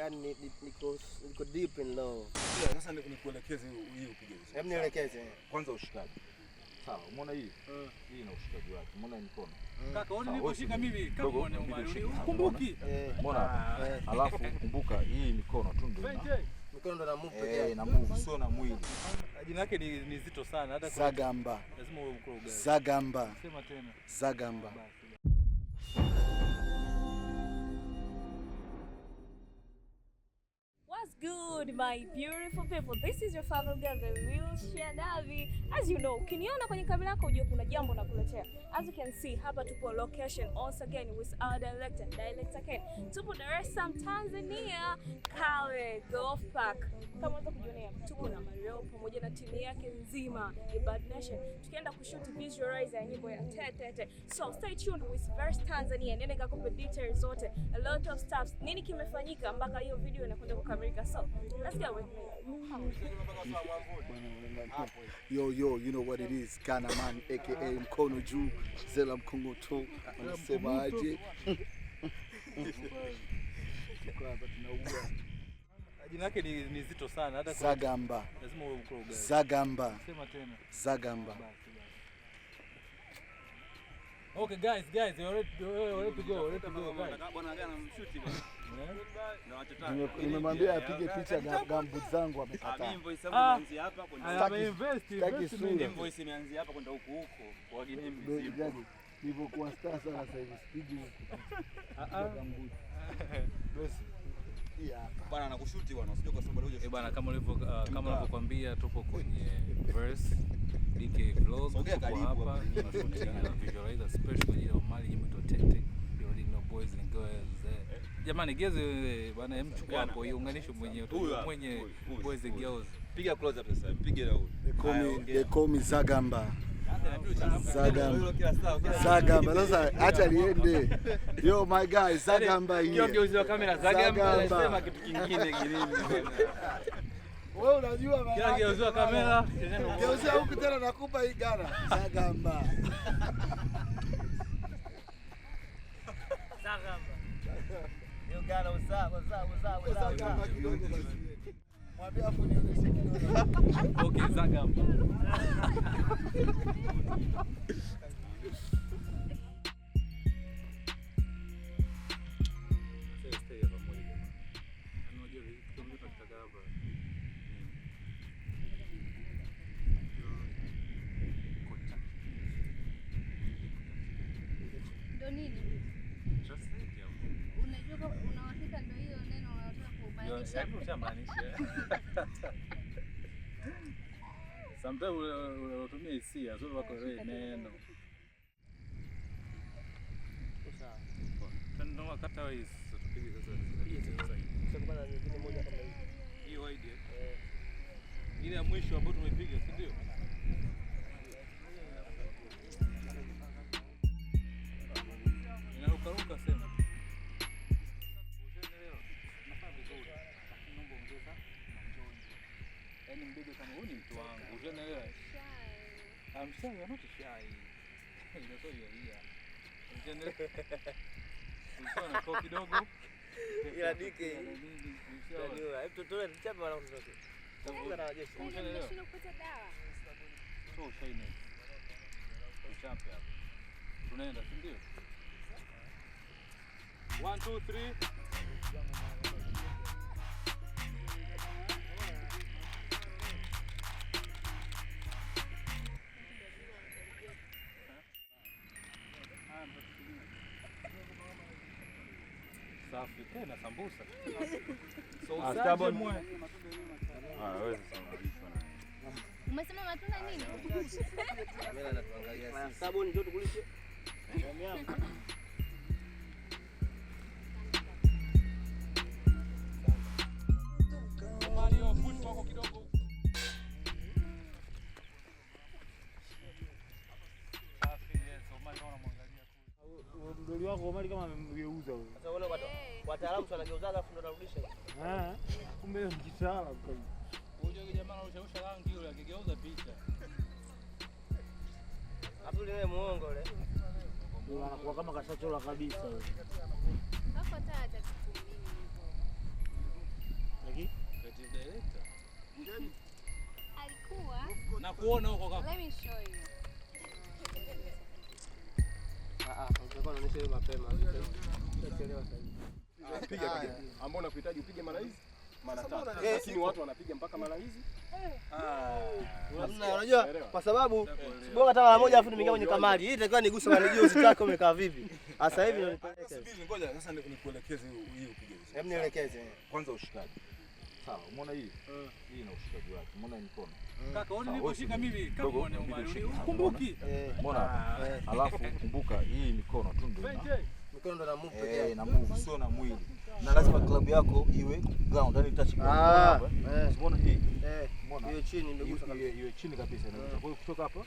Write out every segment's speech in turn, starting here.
yani niko niko deep in love. Sasa nikuelekeze hii upige vizuri. Hebu nielekeze. Kwanza ushikaji. Sawa, umeona hii? Mm. Hii ina ushikaji wake. Umeona hii mkono? Mm. Kaka, wewe niliposhika mimi kama unaona umali. Ukumbuki. Umeona? Eh. Ah. Alafu kumbuka hii mikono tu ndio. Mikono ndio na move pekee. Eh, na move sio na mwili. Jina lake ni ni zito sana hata kwa Zagamba. Lazima uwe mkoroga. Zagamba. Sema tena. Zagamba. good my beautiful people, this is your father girl the real Shadavi. As you know, ukiniona kwenye kamera yako ujue kuna jambo nakuletea. As you can see hapa tupo location once again with our director director Ken, tupo Dar es Salaam Tanzania, Kawe Golf Park. Kama unaweza kujionea, tupo na Mario pamoja na timu yake nzima ya Bad Nation, tukienda kushoot visualize ya nyimbo ya tete So stay tuned with Verse Tanzania, nenda kakupe details zote, a lot of stuff, nini kimefanyika mpaka hiyo video inakwenda kukamilika. Yo, yo, you know what it is. Ghana man aka mkono juu Zela mkongo to anasemaje? Jina lake ni zito sana hata Zagamba. Lazima uwe Zagamba. Sema tena. Zagamba. Okay guys, guys, you're ready to go. ready to go. Bwana mshuti bwana. Nimemwambia apige picha gambu zangu amekataa. Ah, nilivyokuwa star sana sasa hivi sipigi ah, ah. Bwana anakushuti bwana, kwa sababu eh, bwana, kama ulivyo kama tupo kwenye verse DK Vlogs, hapa na visualizer special kwa ajili ya mali yetu tete Jamani, geze wewe bwana, emchukua hapo iunganishe mwenyewe tu mwenye boys girls, piga close up sasa, piga na huyo they call me Zagamba Zagamba Zagamba. Sasa acha liende. Yo my guy, yaani, Zagamba hii. hiyo kiongozi hizo kamera Zagamba anasema kitu kingine kingine. Wewe unajua bwana, kila kiongozi wa kamera kiongozi huku tena nakupa hii gana Zagamba Zagamba Uganda, what's up? What's up? What's up? What's up? What's up? Mwambie hapo nionyeshe kidogo. Okay, Zagam. Sometimes unatumia hisia sio wako wewe neno. Eh? Eh. Ile ya mwisho ambayo tumepiga, si ndio? Inarukaruka sema yani mdogo kama huyu ni mtu wangu, unaelewa? I'm shy, I'm not shy. Ndio sio hiyo. Unaelewa? Ulikuwa na kwa kidogo. Ila DK. Ndio, hebu tutoe kichapa wala usitoke. Tafuta na wajeshi. Yaani unaelewa? Sio kupata dawa. So shy ni. Kichapa hapo. Tunaenda, si ndio? 1 2 3 safi tena sambusa. So usaje mwe. Ah, wewe sasa Umesema matunda nini? Wewe anatuangalia sisi. Sabuni ndio tukulishe. wako kidogo. Mdoli wako Omar kama amemgeuza huyo. Sasa wale watu Wataalamu wanageuzaga afu ndo narudisha. Ah, kumbe mkitaalamu kweli. Unajua jamaa anaushausha rangi yule akigeuza picha. Abdul yeye muongo yule. anakuwa kama kasachola kabisa Hapo taa Alikuwa na kuona huko kaka. Let me show you. Ah ah, mapema. sasa. Ah, piga piga, ambao unakuhitaji upige mara hizi mara tatu, lakini watu wanapiga mpaka mara hizi. Eh. Ah. Unajua, kwa sababu bora hata mara moja, afu nimeingia kwenye kamari hii, itakiwa niguse mara juu. Usitaka umekaa vipi? Sasa hivi Ngoja sasa nikuelekeze hii, upige hizi. Hebu nielekeze kwanza, ushikaji sawa. Umeona hii eh. hii ina ushikaji wake, umeona hii mkono eh. kaka, wewe niliposhika mimi kama unaona, ukumbuki. Umeona, alafu kumbuka hii mikono tu ndio mikono na move pekee yake, eh, na move sio na mwili, na lazima club yako iwe ground, yani touch ground. Ah, Unaona eh? Eh. hii eh, umeona hiyo chini imegusa kabisa, hiyo chini kabisa inagusa. Kwa hiyo kutoka hapa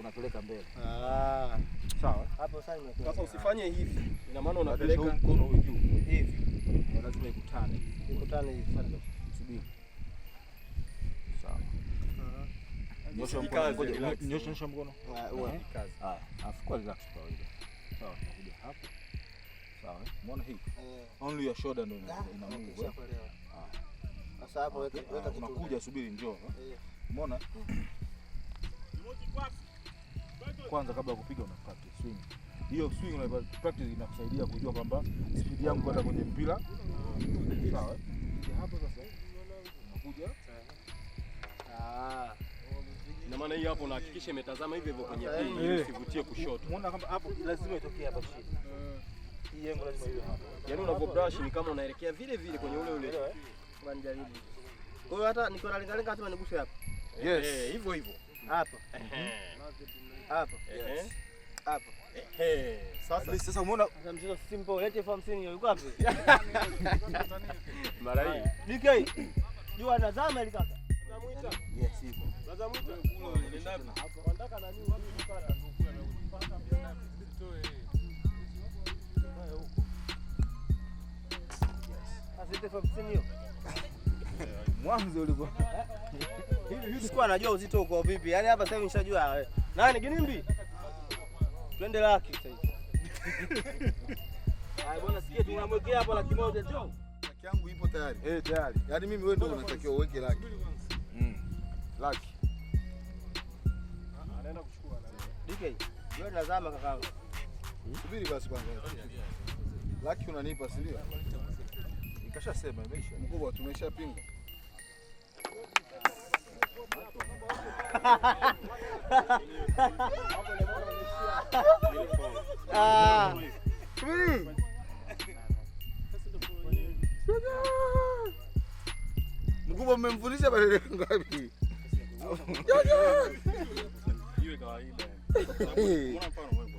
unapeleka mbele. Ah, sawa. Hapo sasa ni sasa, usifanye hivi, ina maana unapeleka mkono huyu juu hivi, lazima ikutane, ikutane hivi. Sasa subiri, ah. Nyosha mkono, nyosha mkono, afu kwa relax, kawaida. Sawa, nakuja hapa Sawa. Umeona hii? Only your shoulder ndio ina move. Eh? Sasa hapo weka ah. Unakuja subiri njoo. Eh? Eh. Umeona? Kwanza kabla ya kupiga una practice swing. Hiyo swing una practice inakusaidia kujua kwamba speed yangu kwenda kwenye mpira. Sawa. Hapo sasa unakuja. Ah. Na maana hii hapo unahakikisha imetazama hivyo hivyo kwenye pili isivutie kushoto. Unaona kama hapo lazima itokee hapa chini. Yaani unavyo brush ni kama unaelekea vile vile kwenye ule ule. Eh? Kwa nijaribu. Kwa hiyo hata nikiona lenga lenga lazima niguse hapa. Yes. Eh, hivyo hivyo. Hapa. Hapa. Yes. Hapa. Eh. Sasa sasa umeona mchezo simple. Lete elfu hamsini yuko wapi? Mara hii. DK. Jua nazama ile kaka. Namuita. Yes, hivyo. Nazamuita. Nenda hapa. Nataka nani? Wapi mpaka? Mpaka. Mwanzo ulikuwa hivi, sikuwa najua uzito uko vipi. Yaani hapa sasa nishajua nani Ginimbi, twende laki sasa hivi. Haya bwana, sikia tunamwekea hapo laki moja tu. Laki yangu ipo tayari. Eh, tayari. Yaani mimi wewe ndio unatakiwa uweke laki. Mm. Laki. Ah, Anaenda kuchukua laki. DK, wewe unazama kakaangu. Subiri basi kwanza. Laki unanipa si ndio? Kashasema imeisha. Mkubwa tumeshapinga. Ah. Mkubwa mmemfundisha bado ngapi? Hiyo kawaida.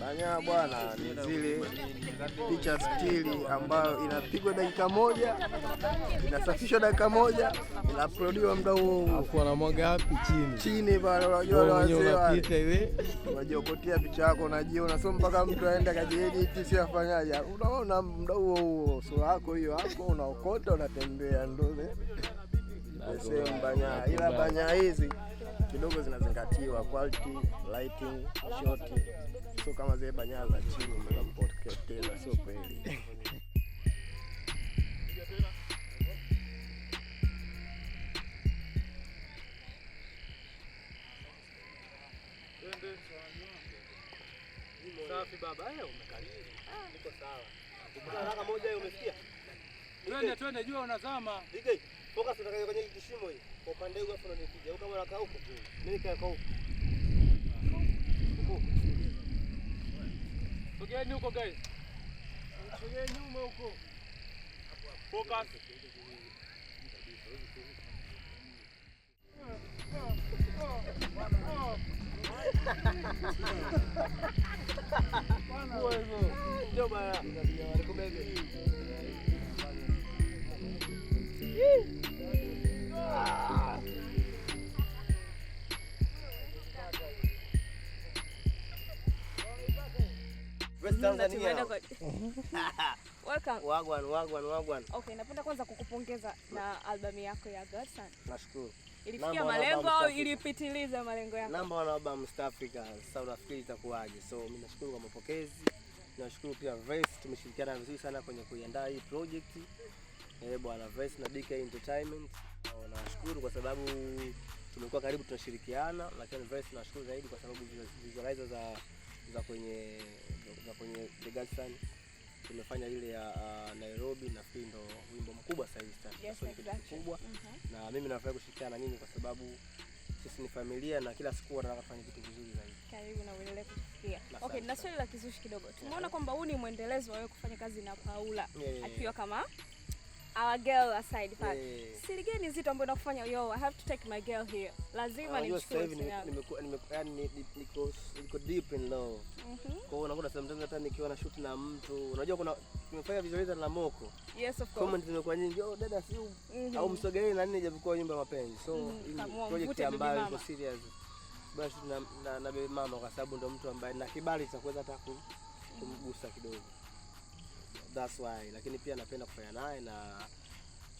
Banyaa bwana, ni zile picha stili ambayo inapigwa dakika moja, inasafishwa dakika moja, inaplodiwa muda huo huo, afu anamwaga hapi chini chini bwana. Unajua wale wazee wanapita ile, unajiokotea picha yako, unajiona sio mpaka mtu aende kajiedit, si afanyaje, unaona muda huo huo sura yako hiyo hapo, unaokota unatembea, ndio ile sehemu Banyaa, ila Banyaa hizi kidogo zinazingatiwa quality, lighting, shot, sio kama zile banyaa za chini mnapoteza, sio kweli. Safi baba, eh, umekariri. Niko sawa. Haraka moja hiyo umesikia? Twende twende, jua unazama. Focus kwenye kishimo hii. Kwa upande huko afu nikija huko kama nakaa huko. Mimi nikaa huko. Sogeeni huko guys. Sogeeni nyuma huko. Focus. West Wagwan, wagwan, wagwan. Okay, napenda kwanza kukupongeza na albamu yako ya Godson. Nashukuru. Ilifikia malengo au ilipitiliza malengo yako? Namba wana albamu South Africa, South Africa itakuwaje? So mimi nashukuru kwa mapokezi. Nashukuru pia Vice, tumeshirikiana vizuri sana kwenye kuiandaa hii project. Eh, bwana Vice na DK Entertainment. Oh, nashukuru kwa sababu tumekuwa karibu tunashirikiana, lakini Vice nashukuru zaidi kwa sababu visualizer za za kwenye za kwenye The Godson tumefanya ile ya uh, Nairobi nafikiri ndo wimbo mkubwa sasa hivi sasa yes, exactly. mkubwa mm -hmm. na mimi nafurahi kushirikiana na nyinyi kwa sababu sisi ni familia na kila siku nataka kufanya kitu kizuri zaidi. Karibu na uendelee kutufikia. Okay, na swali la kizushi kidogo. Tumeona kwamba huu ni mwendelezo wa wewe kufanya kazi na Paula yeah, yeah, yeah. akiwa kama our girl aside fact. Yeah. Siri gani zito ambayo nakufanya yo, I have to take my girl here. Lazima ah, nimchukue. ni yaani niko niko deep in love. Mhm. Kwa hiyo unakuta sometimes hata nikiwa na shoot na mtu, unajua kuna tumefanya vizuri na Moko. Yes of course. Comment zimekuwa nyingi, oh dada si mm -hmm. au msogelee na nini japokuwa nyumba mapenzi. So mm -hmm. project ambayo iko serious. Basi na na, na mama kwa sababu ndo mtu ambaye na kibali cha kuweza hata kumgusa kidogo that's why, lakini pia napenda kufanya naye na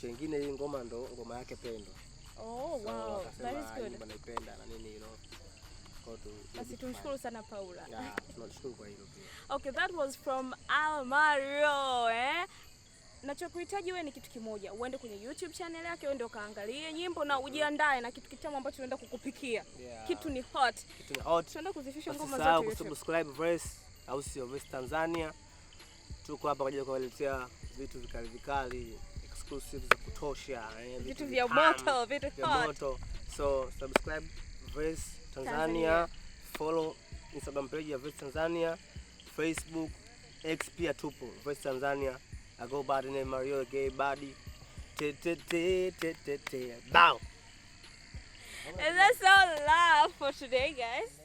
chengine, hii ngoma ndo ngoma yake pendo. Oh, wow. so, That is good. Naipenda na nini hilo basi tumshukuru sana Paula. Yeah, kwa hilo pia. Okay, that was from Al Mario, eh? Nachokuhitaji wewe ni kitu kimoja, uende kwenye YouTube channel yake, uende ukaangalie nyimbo na ujiandae na kitu kitamu ambacho tunaenda kukupikia. Yeah. Kitu ni hot. Kitu ni hot. Tunaenda kuzifisha ngoma zote. Usisahau kusubscribe Verse au sio Verse Tanzania tuko hapa kwa ajili ya kuwaletea vitu vikali vikali exclusive za kutosha, eh, vitu vya moto, vitu vya moto. So subscribe Verse Tanzania, follow Instagram page ya Verse Tanzania, Facebook, X pia tupo Verse Tanzania. I go by the name Mario Gay Body. Te te te te te te. Bow. And that's all love for today, guys.